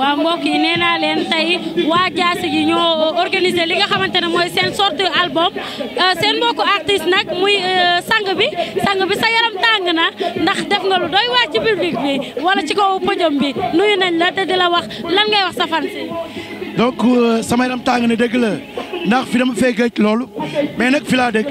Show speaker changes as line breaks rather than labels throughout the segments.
waaw mbokk yi nee naa leen tey waa Jaasi gi ñoo organiser li nga xamante ne mooy seen sortie album euh, seen mbokku artiste nag muy euh, sang bi sang bi sa yaram tàng na ndax def nga lu doy waa ci public bi wala ci kaw pëjëm bi nuyu nañ la te di la wax lan ngay wax sa fan si
donc euh, sama yaram tàng na dëgg la ndax fi dama fee gëj loolu mais nag fi laa dëkk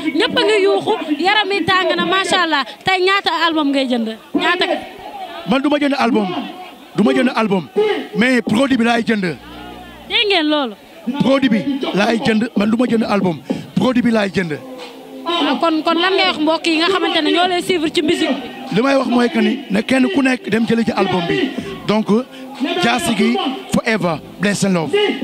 ñëpp a ngi yuuxu yaram yi tàng na macha allah tey ñaata album ngay jënd ñaata. man du ma jënd
album duma ma jënd album mais produit bi laay jënd.
dégg ngeen loolu. produit bi laay
jënd man du ma jënd album produit bi laay jënd.
Ah, kon kon lan ngay wax mbokk yi nga xamante ne ñoo lay suivre ci musique
bi. li may wax mooy que ni ne kenn ku nekk dem jëli ci album bi donc Diassigui forever bless and love.